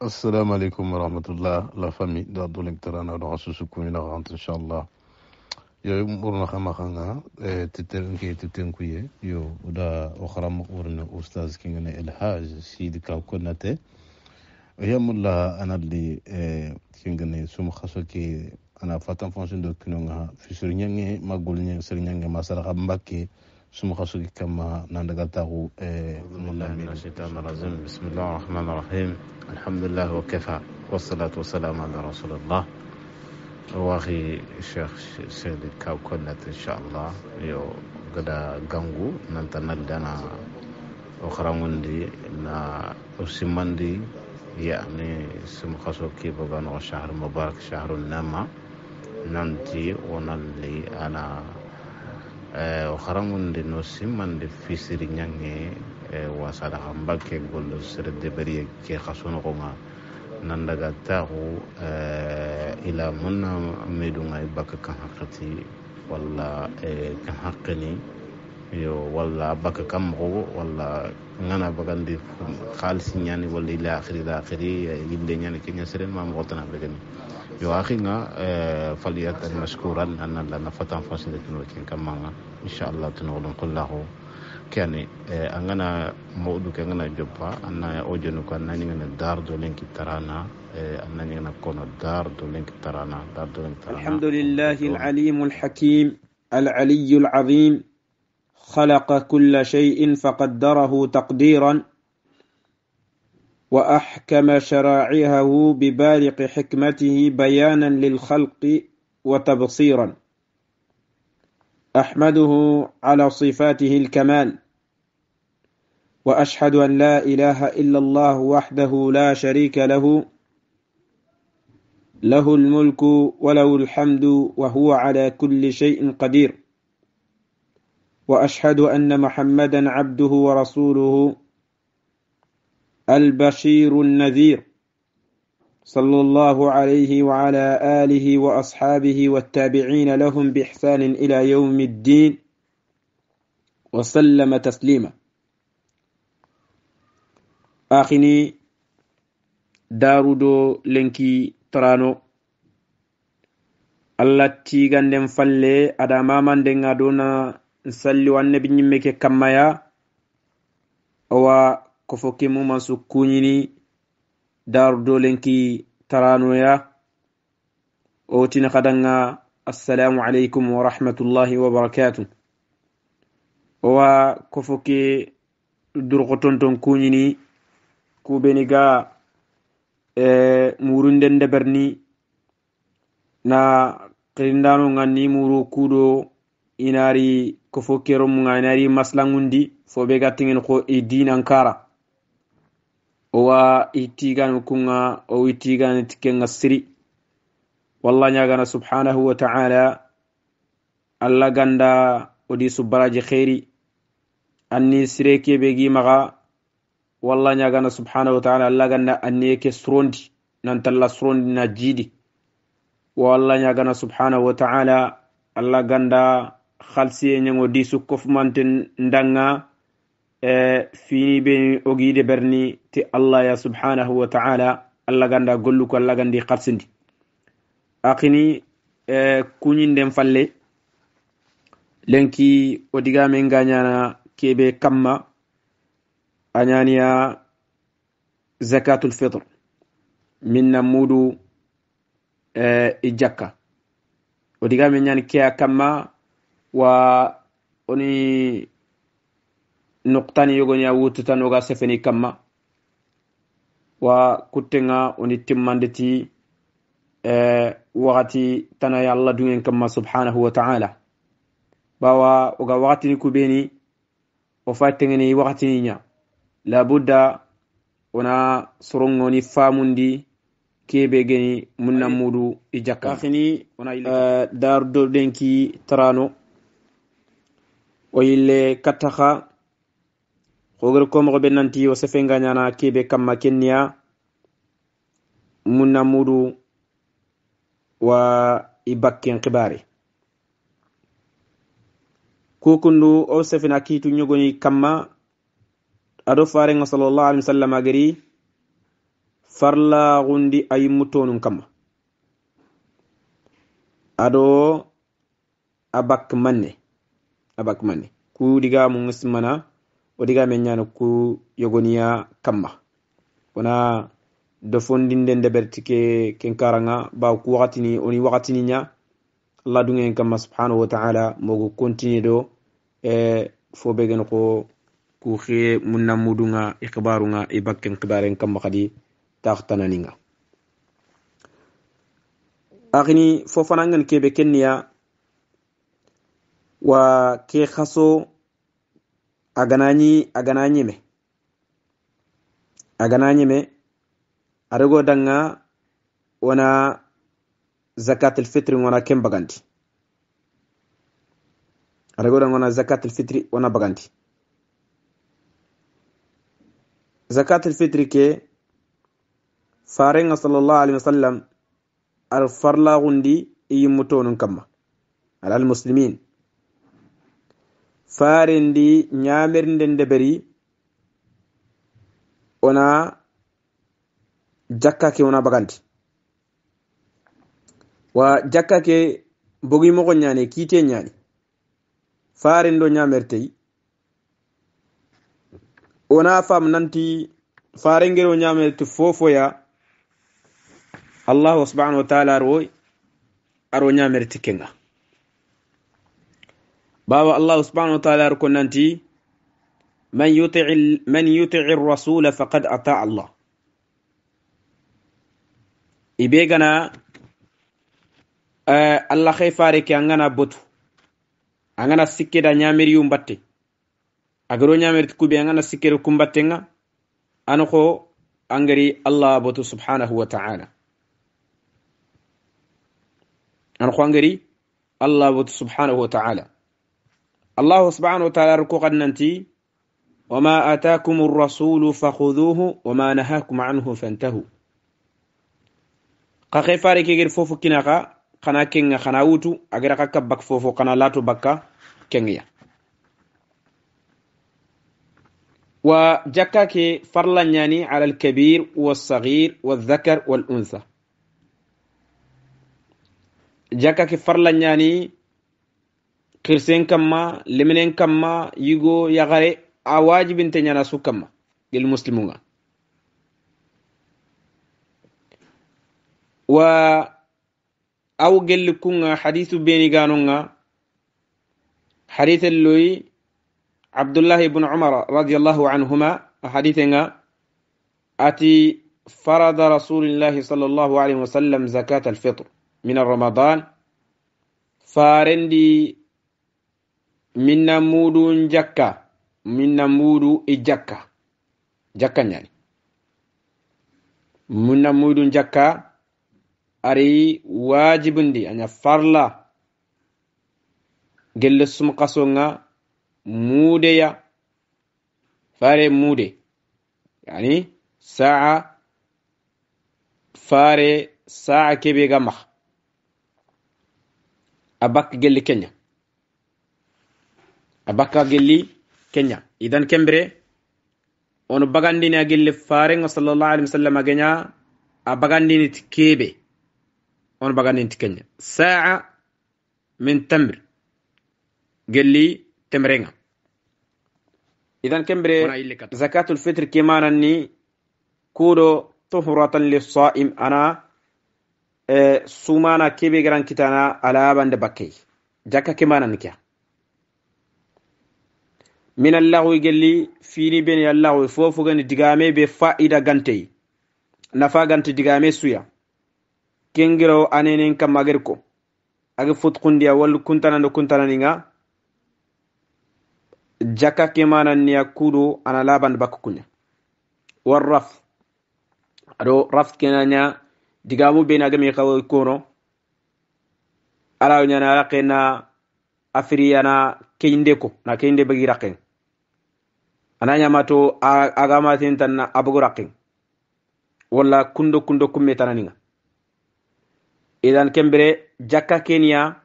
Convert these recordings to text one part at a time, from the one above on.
assalamu aleykum warahmatullah la famille do adoleng tarana ɗoxa susukuna xant inchallah yo ɓurno xama xanga eh, teten ke teten kuye yo da o xaram ɓurne oustage kengene elhaj sid ka konate yamulla anadli kengene sum xaso ke ana eh, fatan fonction do kinonga fisir ñange magol ñe sir ñange masara xa ثم كما نندقته آه، أعوذ من الشيطان الرجيم بسم الله الرحمن الرحيم الحمد لله وكفى والصلاة والسلام على رسول الله واخي الشيخ سيد كاو إن شاء الله يو قدا قنقو ننتنال دانا أخرى مندي نا أسمندي يعني سم خسوك بغان مبارك شهر النما ننتي ونالي أنا Eh, o harangunde no simmande fisiri ñange eh, wasada xa mbakke gollo sere deberie ke xa sonoxonga nandaga taxu eh, ila monna medunga i bakka kan haqati walla kan haqini yo walla bakka kan moxo walla ngana bagandi xaalisi ñani walla ila axiri ila axiri yille ñani keña seren ma moxotana begani يواخينا آه، فليت مشكورا أن لنا فتن فاسد تنوتين كما إن شاء الله تنولن كله كان آه، أننا مودو كأننا جبا أن أوجنو كان نينا دار دولين كترانا آه، أن نينا كون دار دولين كترانا دار دولين كترانا الحمد لله العليم الحكيم العلي العظيم خلق كل شيء فقدره تقديرا وأحكم شرائعه ببارق حكمته بيانا للخلق وتبصيرا أحمده على صفاته الكمال وأشهد أن لا إله إلا الله وحده لا شريك له له الملك وله الحمد وهو على كل شيء قدير وأشهد أن محمدا عبده ورسوله البشير النذير صلى الله عليه وعلى آله وأصحابه والتابعين لهم بإحسان إلى يوم الدين وسلم تسليما آخني دارودو لنكي ترانو allah tiganden falle ada mamanden ga dona salli wanne bi nyimme ke ko mu masu kuñini daru dolenki taranoya o kadanga assalamu alaikum wa rahmatullahi wa barakatu owa ko fo ke durko tonton kuñini kubeni ga e eh, murunden na kirindano ganni muru kudo inari ko fo keromu ga inari maslangundi fo ga gattigen ko e eh, dinan kara o wa ittigani kunga o ittigani tikenga siri walla ñagana subhanahu wa taala allah ganda o di subbaraji heri anni sire kebe gi maga walla ñagana subhanahu wa taala allah ganda anniye ke surondi nantalla surondi na jiidi wo allah ñagana subhanahu wa taala allah ganda halsiye ñeng o di sukkofumanten ndanga e fini ɓe ogiide berni te allah ya subhanahu wa taala allah ganda golluko allah gandi harsindi akini e kuñinden falle lenki o digamen gañana keɓe kamma a ñaniya zakatul fitre minna muɗu e i e jakka o digamen ñani keya kamma wa oni nuqtani yogonya wututanoga sefeni kamma wa kutenga oni timmandeti eh, wakati tanaya allah dungen kamma subhanahu wa taala bawa oga wakatini kubeni o fattengeni wakatini nya labudda ona sorongoni famundi kebe geni munna mudu i jakka akini ona uh, dar do denki tarano o ile kataha xogar komoxobe nanti wo sefenganana kebe kamma kenniya munna mudu wa i bakken xibare kukundu o sefena kiitu ñogoni kamma ado farenga salallah alih wa sallam ageri farlaxundi a yimmutonun kamma ado a bak manne a bak manne ku digamu ngisimana wodiga men ñana ku yogoniya kamma wona do den ndeɓerti bertike ken karanga ba ku watini oni watini nya allah dungen kamma subhanahu wa taala mogo continue do e fo ɓe ko ku xe munna mudunga i e bakken kibaren kamma xadi taxtananinga axini fo fanangen kebe kenya wa ke khaso a ganaa ñime a ganaa ñime aɗa go danga wona zakatul fitri wona ken baganti aɗa go danga wona zakatul fitri wona baganti zakat fitri ke farenga sallallahu alaihi wasallam ar farlagundi iyimmutonun kamma ala almuslimin farendi ñamirnde ndeberi wona jakkake wona baganti wa jakkake bogimogo ñane kiite ñani farendo ñamertey wona fam nanti farengero ñamerte fofoya allahu subhanahu wa taala aro aro ñamerte kenga باب الله سبحانه وتعالى ركن ننتي من يطع من يطع الرسول فقد اطاع الله ايبيغنا آه، الله خي فاريك انغنا بوت انغنا سيكيدا نيامير يوم باتي اغرو نيامير كوبي انغنا سيكير كومباتينغا انخو انغري الله بوت سبحانه وتعالى انخو انغري الله بوت سبحانه وتعالى الله سبحانه وتعالى ركوقا ننتي وما آتاكم الرسول فخذوه وما نهاكم عنه فانتهوا قاقي فاريكي غير فوفو كناقا خنا كينغا خنا ووتو أغير قاقا بك فوفو خنا لاتو بكا كينغيا وجكاك فرلا يعني على الكبير والصغير والذكر والأنثى جاكاكي فرلانياني kirsen kamma leminen kamma yigo yagare a wajibinte ñana su kamma gel muslimunga wa aw gelli kunga hadisu beni ganonga hadithelloyi abdullahi bnu umar radiallahu anhuma a hadithenga ati farada رسول الله صلى الله عليه وسلم زكاة الفطر من farendi minna muɗu jakka minna muɗu e jakka jakka ñani minna muɗu jakka ari wajibu ndi aña farla gelle sumkaso ga muudeya fare muude yani saa fare saa keɓe ga mah a bakka gelle keña abakka gelli kenya idan kembire on bagandini a gelle farenga sallallahu alaihi wasallam agenya a bagandini ti keebe onu bagandini ti kenya sa'a min tamr gelli temrenga idan kembire zakatul fitr kemananni kuɗo tuhratan lissaim ana eh, sumana kebe garan kitana alabande bakkey jakka kemananni kea minal lahuy e gelli fini ben yal lahuy e fofogani digame be faida gantey nafa gante digame suya kengiro anenen kam ager ko age futkundiya walla kuntanando kuntananinga jakka kemananniya kuɗo ana labande bakko kuña war raf aɗo raf kenaña digamu ben agami e kawa kono alawñana alaken afriyana keyinde ko na keyinde bagiraken anañamato agamatin tanna abogoraqin walla kundo kundo kumme tananinga idan kembere jakka keniya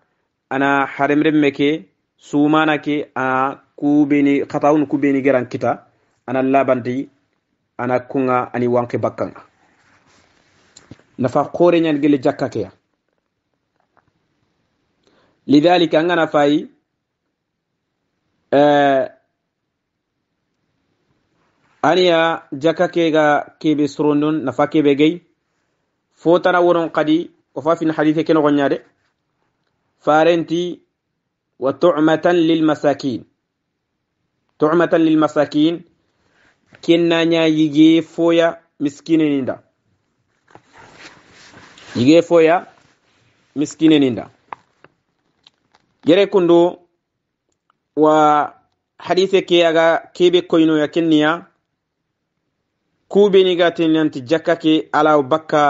ana haremremme ke sumana ke ana kubeni katawun kubeni geran kita ana labanti ana kunga ani wanke bakkanga nafa koreñan gele jakka keya lidalika angana fayi eh, aniya jaka kega kebe surondon nafa kebe gay fotana woron kadi o fa fin hadithe ke nogoñade farenti wa tumatan lilmasakin tumatan lilmasakin kennaña yige foya miskineninda yige foya miskineninda yere kundo wa hadise ke aga kebe koynoya kenniya kubeni gaten nanti jakka ke alaw bakka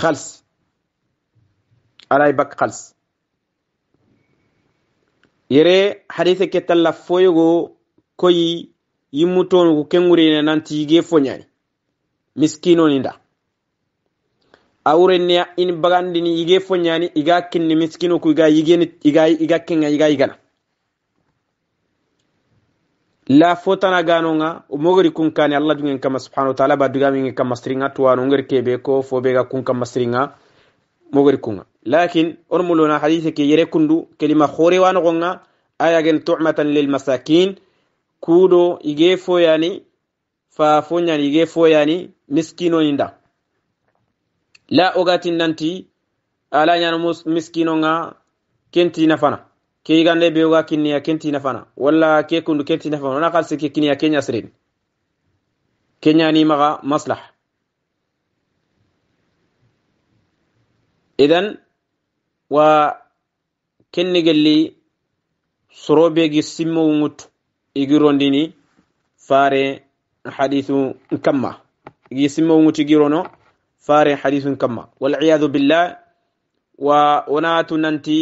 khals alay bakka khals yere hadise ke talla foyogo koyi yimmutonugu kengurine nanti yige foñani miskinoni nda awurenneya in bagandini yige foñani iga kinni miskino ku iga yigeni iga iga kenga iga yigana la fotana ganonga umogori kunkani allah dungen kama subhanahu wa ta'ala ba dugamin kama stringa tuwanu ngari kebe ko fobe ga kun kama stringa mogori kunga lakin ormulona hadithe ke yere kundu kelima khore wano gonga aya gen tu'matan lil masakin kudo ige foyani fa fonyani ige foyani miskino inda la ogatin nanti ala nyana miskino nga kenti nafana ke gande beoga kinniya kentina fana walla ke kundu kentina fana wona xal sikke kiniya ke ñasirin ke ñanimaxa maslaha idan wa kenni gelli sorobegi simmowu igi rondini fare hadisu kamma igi simmowu ŋuttu igi rono fare hadisu kamma waliyadu billah wa wonatu nanti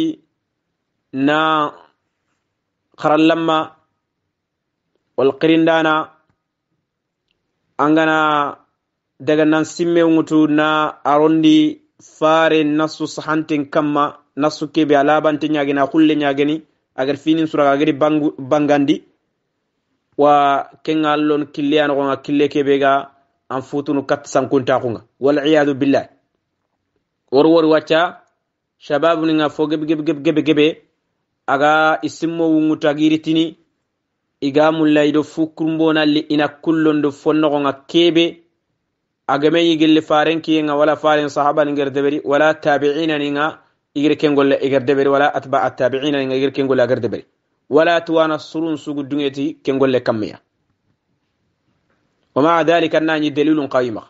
na walƙirin dana an gana daga nan simme mutu na arondi fare nasu sahantin kamma nasu kebe alabante ñageni a hulle a agar finin suraga agari bangandi wa kin allon kille ya a kille kebe ga an futunu kat sankuntakunga waliyadu billah billa. Warwar wacca shababu nga fo gebe gebe gebe gebe gebe aga isimmo wunŋutagiritini iga mullayido li ina kullondo fonnogonga kebe agame yigilli faren nga wala faren sahaban gerdeberi wala tabi'inaninga igir kengolle igir deberi wala atba nga igir kengolle agir deberi wala tuwana surun sugu dungeti kengolle kammiya ومع ذلك idan دليل قائمة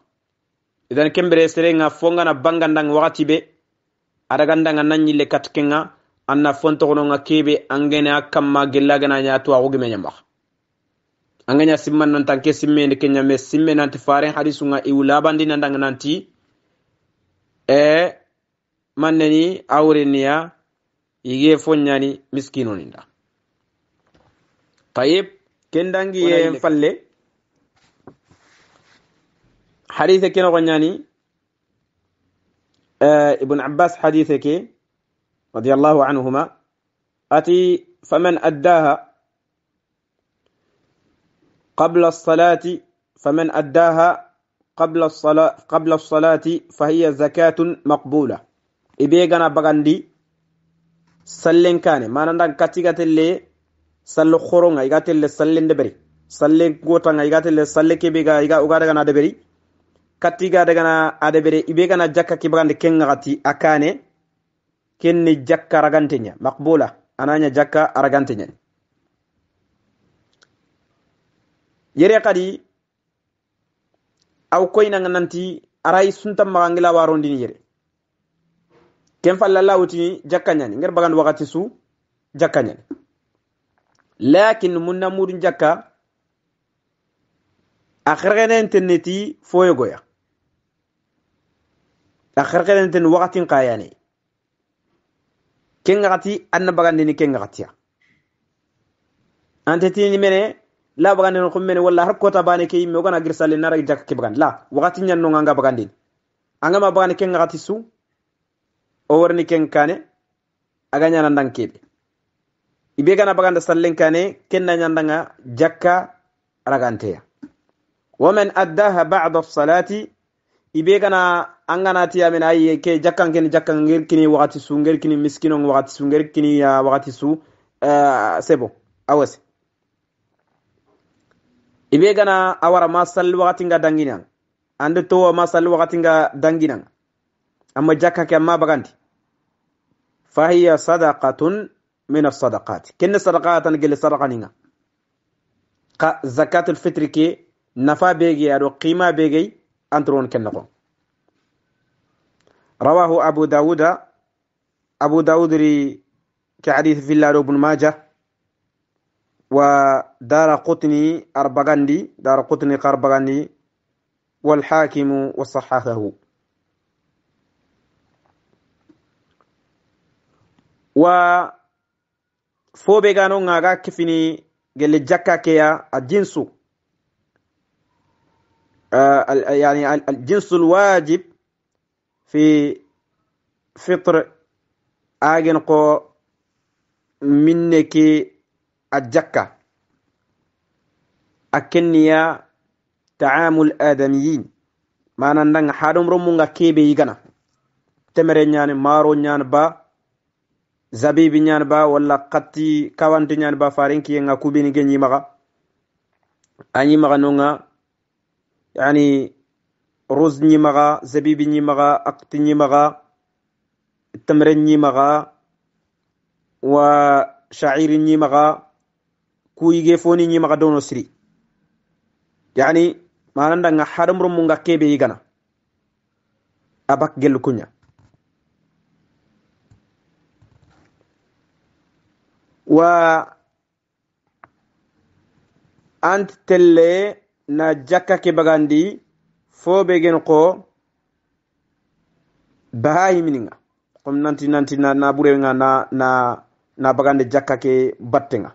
إذا كم بريسرين فونغنا بانغان دان وغتي بي أرغان دان ناني لكات nga. anna fontoxononga kebe angene a kamma gella gana ñatu axu gime ñamaxa anga ña simman nan tanke simmeni ke ñame simme nanti faren hadisunga iwu labandi nandanga nanti e manneni awreniya yige foñani miskinoninda tayib ken dangi ye falle hadise ke noxo ñani e, ibn abbas hadise ke رضي الله عنهما أتي فمن أداها قبل الصلاة فمن أداها قبل الصلاة قبل الصلاة فهي زكاة مقبولة إبيغنا بغندي سلين كان ما نندن كاتيغات اللي سلو خورونغا يغات اللي سلين دبري سلين غوتانغا يغات اللي سلين كيبيغا يغا أغادغانا دبري كاتيغا دغانا أدبري إبيغنا جاكا كيبغاندي كينغاتي أكاني kenni jakka aragantenya maqbula ananya jakka aragantenya yere kadi aw koyna nanti aray sunta magangila warondini yere ken falla lawutini jakkañani nger bagan wakati su jakkañani lakin munna mudun jakka a xerxenentenneti foyogoya a ten wakatin kayane kengati anna bagandini kengatiya antetini mene la bagandini kummene walla har kota bane ke yimme ogana girsalle nara jaka ke bagandi la wakati ñanno anga bagandini angama kengati su o warni kenkane aga ñanandan keɓe ibe gana baganda sallen kane kenna ñandanga jakka raganteya waman addaha bada salati ibe gana an gana tiya min ayi ke jakkan kini jakkan ngir kini wakati su ngir kini miskino wakati su ngir kini ya wakati su eh, sebo awasi ibe gana awara masal wakati nga dangina ande towa masal wakati nga dangina amma jakka ke amma baganti fahiya sadaqatun min as-sadaqat kinna sadaqatan gele sadaqaninga ka zakatul fitri ke nafa bege ado qima bege أنترون كنقو رواه أبو داود أبو داود ري كحديث في الله بن ماجه ودار قطني أربغاندي دار قطني قربغاندي والحاكم وصححه و فوبغانو نغا كفيني جل جاكا كيا الجنسو يعني الجنس الواجب في فطر آجن قو منك الجكة أكنيا تعامل آدميين ما نندن حرم رمونغا كيبي يغنا تمرين نيان مارو نيان با zabibi ñaan ba walla katti kawanti ñaan ba farinki nga kubini ge ñimaxa a ñimaxa nonga yani ruz nyimaga zabib nyimaga aqt nyimaga tamr nyimaga wa sha'ir nyimaga kuyige foni nyimaga dono siri yani mananda nga haram rum nga gana a abak gel kunya wa ant telle na jakka ke bagandi fo be gen ko baha yimininga kom nanti nanti na na bure nga na na na bagande jakka ke battenga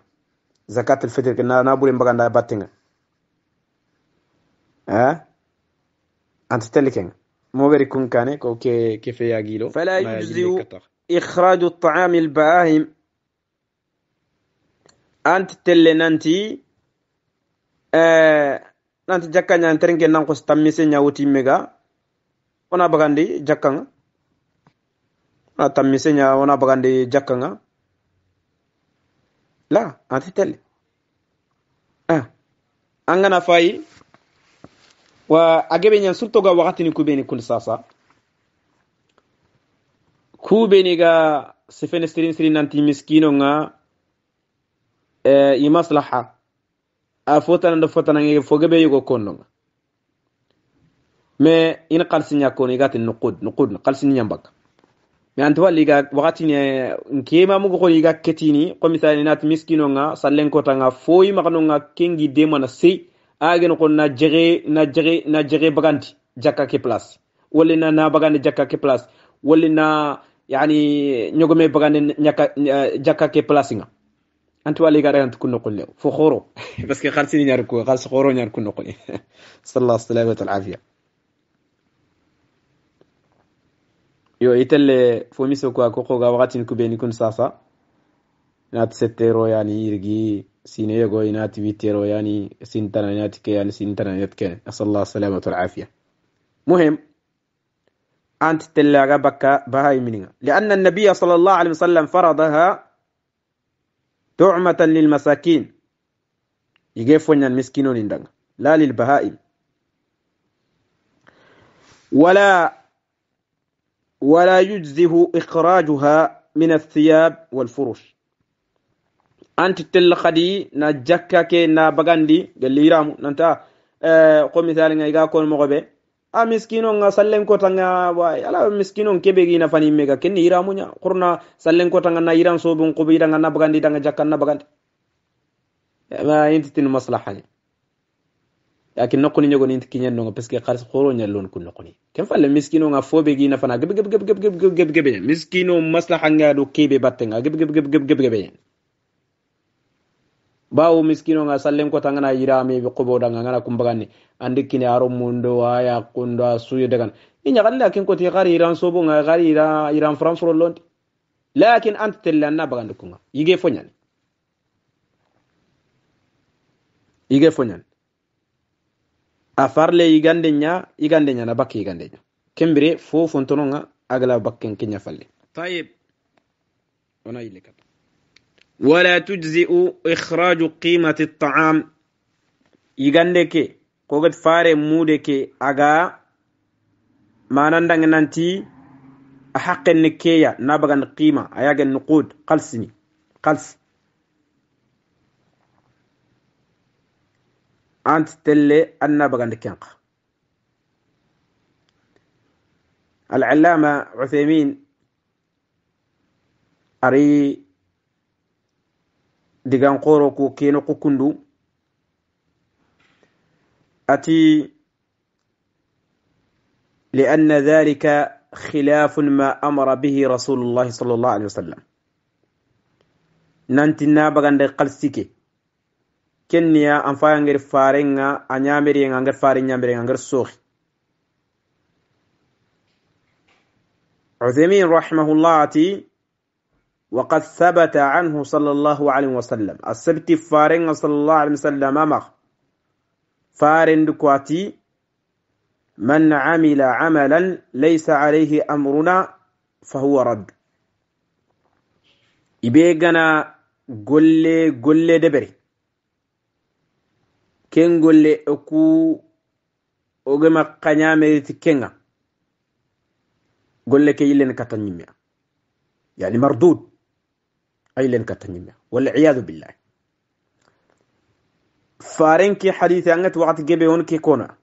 zakat al fitr ke na na bure baganda battenga eh anti telikenga mo beri kun kane ko ke ke fe yagilo fala yujziu إخراج الطعام البهائم أنت تل ننتي آه nanti jakka ñani terenke nan kos tammise ñawoti mega wona bagandi jakkanga wona tammise ña wona bagandi jakkanga la anti telle ah. an fayi wa a gebe ñan surtoga wakatini kubeni kun sasa kubeni ga sifene sirin sirin nanti miskino nga e, i maslaha a fotananda fotanange fogebe yugo kondonga me ina kalsi ñakkoni igatin nukud nukud kalsini ñambakka mais anti walli iga wakatini nkema mugo koni iga ketini ko misali nati miskinonga sallenkotanga foyi maganonga kengi demana sey ageno kon na jege na jege na jege baganti jakka ke place walla na na bagande jakka ke place walla na yani ñogome bagande ñakka eh, jakka ke place nga انت والي غادي انت كنا نقول له فخورو بس كي خالتيني نركو خالص خورو نركو نقول صلى الله عليه والعافيه يو ايتل فومي سوكو اكو كو غاو غاتين كو بيني كون ساسا نات ستيرو يعني يرغي سينيه غوي نات بيتيرو يعني سينتر نات كي يعني سينتر نات كي صلى الله عليه العافيه مهم انت تلاغا بكا بهاي منين لان النبي صلى الله عليه وسلم فرضها tu'matan للمساكين ige foñan miskinoni ndanga la lilbahaim wala ولا يجزه إخراجها من الثياب والفروش أنت تل خدي نجكا كي نابغاندي قال لي رامو ننتا اه قو مثال كون مغبي a miskino nga sallen kota nga ala miskino kebe gi na fani mega ken ira munya kurna sallen kota na iran so bun kubi danga na bagandi danga jakkan na bagandi ma inti tin maslahani lakin nokuni nyogo inti kinyen no parce que kharis khoro nyallon kun nokuni ken falle miskino nga fobe gi na fana gebe gebe gebe gebe gebe gebe miskino maslaha nga do kebe batte nga gebe gebe gebe gebe gebe bawo miskino nga sallen ko tangana yirami be qobo danga ngana kumbagani andi kini aro mundo aya kundo suyo dagan inya kan lakin ko ti gari iran sobo nga gari ira iran france ro londi lakin ant tellanna bagandi kunga yige fonyan yige fonyan afarle yigande nya yigande nya na bakki yigande nya kembere fo fontono agla bakken kenya falle tayib ona yile ولا تجزئ إخراج قيمة الطعام يغندك كوغت فاري مودك أغا ما نندن ننتي أحق النكية نبغى قيمة أياغ النقود قلسني قلس أنت تلي أن بغند كنق العلامة عثيمين أري digan qoro ku keno qukundu ati لأن ذلك خلاف ما أمر به رسول الله صلى الله عليه وسلم nanti na bagande kalsike kenniya an faya ngeri farenga a ñamiriyenga nger fare ñamiriyenga nger soohi uthaimin rahimahullah ati وقد ثبت عنه صلى الله عليه وسلم السبت فارن صلى الله عليه وسلم مخ فارن دكواتي من عمل عملا ليس عليه أمرنا فهو رد إبيغنا قل قل دبري كن قل أكو أغمى قنامرت كنغا قل لك يلين كتنمي يعني مردود أي لن كتنمي والعياذ بالله فارنكي حديث أنت وقت جبه هنكي كونا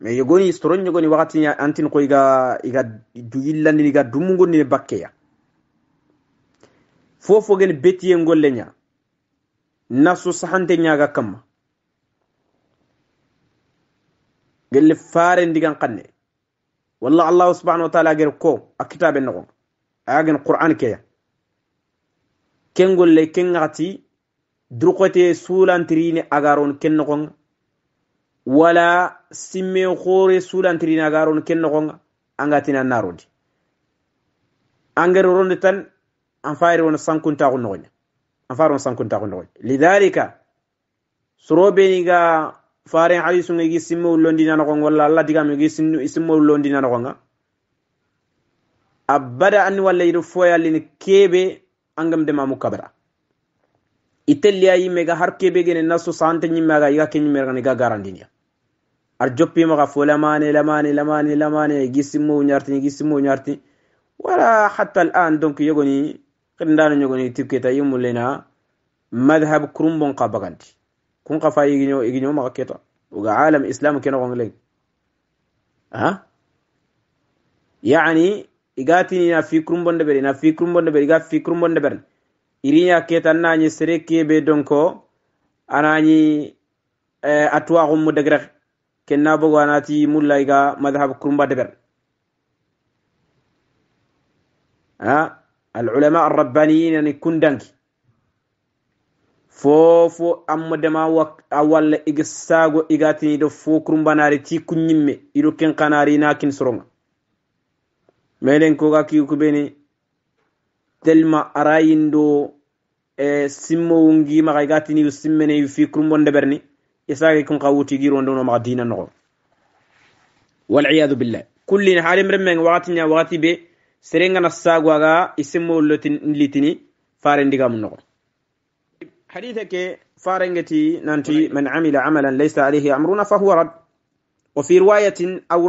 me yogoni istoron yogoni wakati antin ko iga iga duyillandi iga dumugonni ne bakkeya fofogen betiye golle ña nasu sahante ñaga kamma gelle fare ndigan kanne walla allahu subhanahu wa taala ger ko a kitabe nogon ayagen qur'an keya ken golle ken ngati durqote sulantirini agaron ken nogonga wala simme khore sulantirini agaron ken nogonga angatina narodi angere ronde tan an fayri wona sankuntaku nogoña an fayri wona sankuntaku nogoña lidalika sorobeniga faren halisunga igi simme wullondina nogonga walla allah digame igi simme wullondina nogonga a bada anni walla yiɗo foyallini keɓe angam de mamu kabra itelliya yimme ga har kebe gene nasu sante nyimme ga iga kenyimme ga ni ga garandinya ar joppi maga fo lamane lamane lamane lamane gisimmo nyarti gisimmo nyarti wala hatta al'an donc yogoni qindano nyogoni tibketa yimulena madhhab kurumbon qabagandi kun qafa yiginyo yiginyo maga keta uga alam islam kenogongle ha yani iga tini ina fi kurumbo ndeɓere ina fi kurumbo ndeɓere iga fi kurumbo ndeɓere iriya keta naañi sere keɓe donko anañi eh, a tuwaxummo degrex kenna bogo anati mulla iga madhab kurumba deɓere a alulama arrabaniin ani kundanki fofo anmo dema a walla iga sago iga tini ido fo kurumbanari ti kuñimme ido kenkanari na kin soronga melen koga kiyukubeni telma arayindo e simmowu ngimaxa igatiniyu simmene yu fi kurumbo ndeɓerni isage kun xa wuti girondono maxa dina noxo waliyadu billah kullin halim remmeng waxati ña waxati be serengana sagwaga i simmowu litini fare ndigamu noxo hadithe ke farengeti nanti man amila amalan laysa alayhi amruna fahuwa rad wa fi riwayatin aw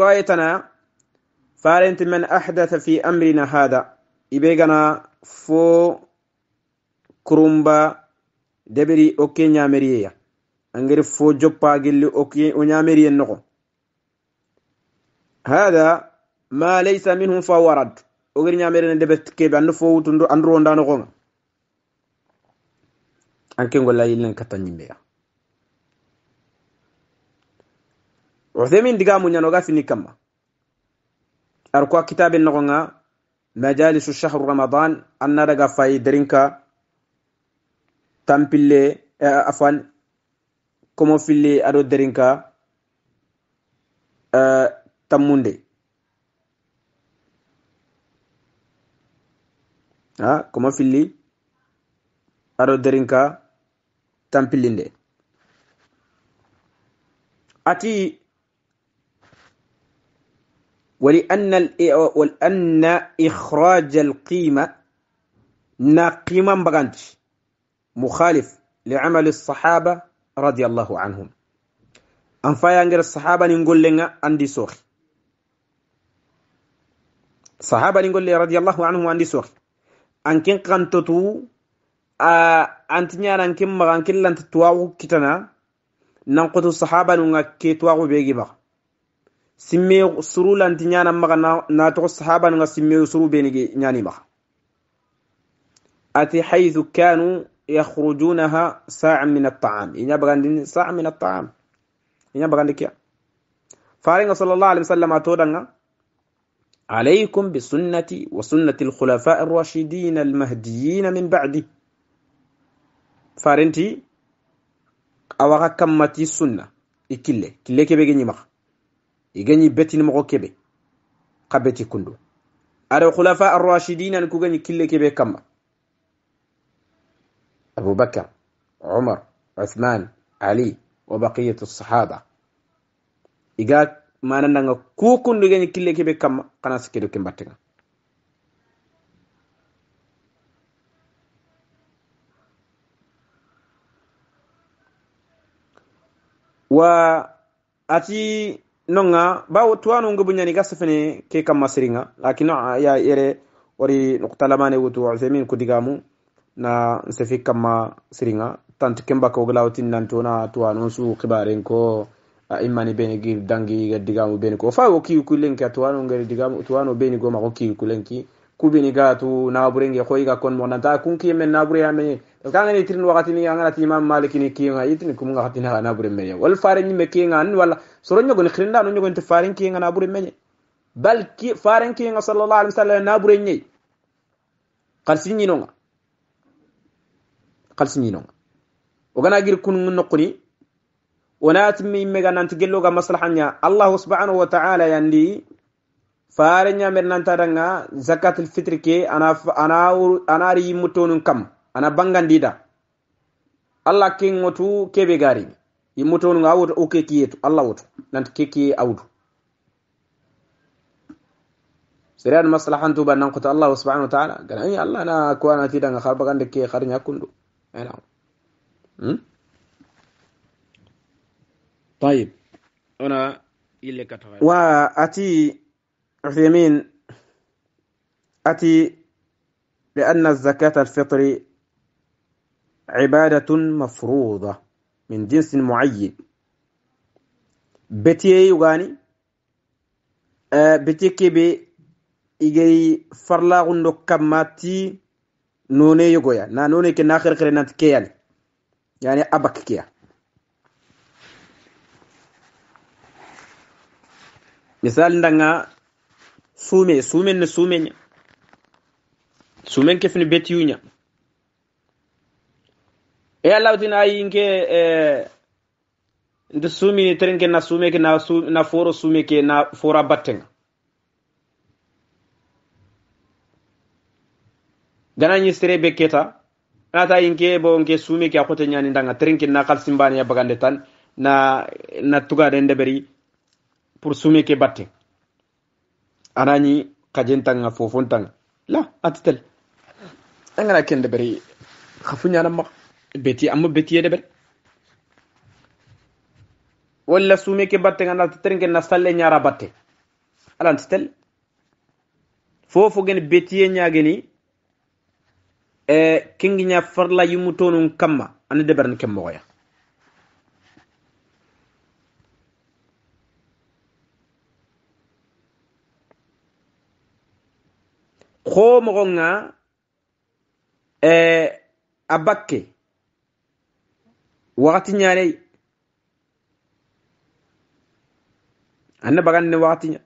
فارنت من أحدث في أمرنا هذا إبيغنا فو كرومبا دبري أوكي نيامريا أنجر فو جوبا جلي أوكي ونيامريا نقو هذا ما ليس منه فورد أغير نيامريا ندبت كيب أنو فو تندو أندرو أندانو قونا أنكين قول لا يلن كتنين بيا وثمين دقامو نيانو غاسي ar arko kitabe nogonga majalisu shahru ramadan anna daga fayi derinka tampille eh, afan komo filli aɗo derinka uh, eh, tamunde ha komo filli aɗo derinka tampillinde ati ولأن إيه، ولأن إخراج القيمة قيمة بغانت مخالف لعمل الصحابة رضي الله عنهم أن أنجر الصحابة نقول لنا عندي سوخي صحابة نقول لي رضي الله عنهم عندي سوخي أن كن قنتتو آه، أنت نيانا أن كن مغان كلا أنت تواغو كتنا ننقطو الصحابة نغا كي بيجي بغا simme suru lanti ñana maga na toxo sahabananga simme suru benige ñanimaxa ati haythu kanu yakhrujunaha saa min altaam iña bagandini saa min altaam iña bagandi kiya farenga sallallahu alaihi wasallam atodanga عليكم بسنتي وسنة الخلفاء الراشدين المهديين من بعدي فارنتي أوغا كمتي سنة إكلي كلي كبيغي نيمخ igani betin mogo kebe ka beti kundu ada khulafa arrashidin an kugani kille kebe kamma abubakar umar uthman ali wa baqiyatu sahaba iga manandanga ku kundu igani kille kebe kamma kana sikedo kembattenga wa ati nonga bawo tuwanu ngi bunyani gasa fene ke kamma siringa lakin no ya yere wari nukta lamane wutu uthaymin kudigamu na nsefi kamma siringa tant kemba ko wutin nan na tuwanu su kibaren ko a imani beni gi dangi ga digamu beni ko fa wo ki ku lenki tuwanu ngari digamu tuwanu beni go ma ko ki ku lenki kubini gatu naburenge khoiga kon mo nanta kun ki men nabure ame kanga ni tirin wakati ni anga ti imam malik ni ki nga itin kum nga hatina nabure me wal faren ni me ki nga an wala soro nyogo ni khrinda no nyogo ni faren ki nga nabure me bal ki faren ki nga sallallahu alaihi wasallam nabure nyi qalsin ni nonga qalsin ni nonga o gana gir kun nokuni ونات مي gelo ga جلوغا allah subhanahu wa ta'ala yandi faare ñamer nantata nga zakatul fitri ke ana ana yimmutonun kam ana bangandida allah kengotu keɓe gariɓe yimmotonu awoto o kekiyetu allah woto nanta kekiye awdu sere maslahantuba nankoto allahu subhanau wa taala gana i allah na ko har bagande ke har ñakkundu ena hmm? tayib ona ille katawa wa ati عثيمين أتي لأن الزكاة الفطر عبادة مفروضة من جنس معين بتي يغاني إيه آه، بتي كبي إيجي فرلا غندو كماتي نوني يغويا نا نوني كنا خير خرينات كيان يعني أبك كيا مثال ndanga sume sumen ne sumenya sumen ke fini betiyunya e allah tin ayi nke eh, nde sumini terenke na sumeke na, su, na foro sumeke na fora battenga ganañi sere be keta nata yinke bo nke sumeke a xote ñani ndanga terenke na xalsimbane ya bagande tan na na tugade ndeberi pour sumeke batteng anani kajentanga fofontanga la atitel angana ken deberi khafu ñanama beti amma betiye deberi walla suume ke battenga nati terenke na salle ñara batte alanti tel fofo gen betiye ñageni e eh, kengiña farla yimutonun kamma ane ana deberni ya ko mogonga e abakke wakati nyalei anna baganne wakati nya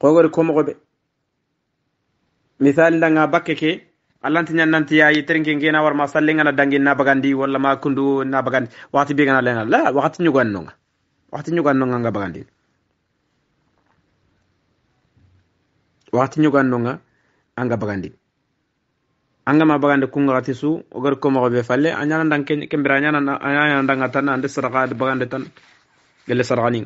kogori ko mogobe misali ndanga bakke ke allanti ñannanti yayi terenke ngena warma salle ngana dangi na bagandi wala ma kundu na bagandi wakati be gana lena la wakati ñugannonga wakati ñugannonga nga bagandi waxati ñugandonga anga bagandi anga ma bagandi kungati su ogar ko mo be falle anyana ndan ken kembira anyana anyana ndanga tan ande saraga de bagandi tan gelle saragani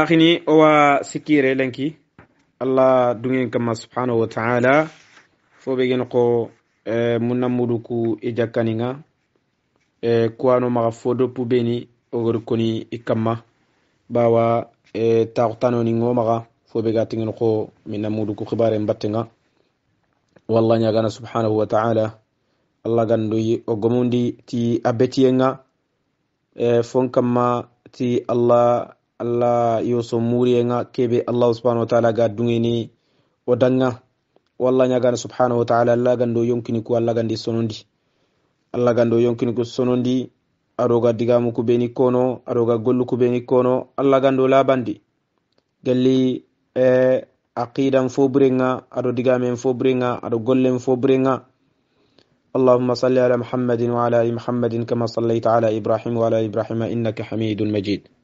akhini owa sikire lenki allah dungen kama subhanahu wa ta'ala fo be gen ko e, munamudu ku i jakkaninga e, kuwano maxa fo doppu beni ogor koni i kamma bawa e taxtanoningo maxa fo ɓe gatingen qo mina muduku xibare battenga walla ñagana subhanahu wa taala allah gando o gomundi ti abetiyenga e fon kamma ti allah allah yoso muriyenga keɓe allahu subhanahu wa taala ga dungeni o danga walla ñagana subhanahu wa taala allah gando yonkini ku allah gandi sonondi allah gando yonkini ku sonondi aroga digamu kubeni kono aroga gollu kubeni kono allah gando labandi galli e eh, aqidan fo burenga aɗo digamen fo burenga aɗo gollen fo burenga اللهم صل على محمد وعلى ال محمد كما صليت على ابراهيم وعلى ابراهيم انك حميد مجيد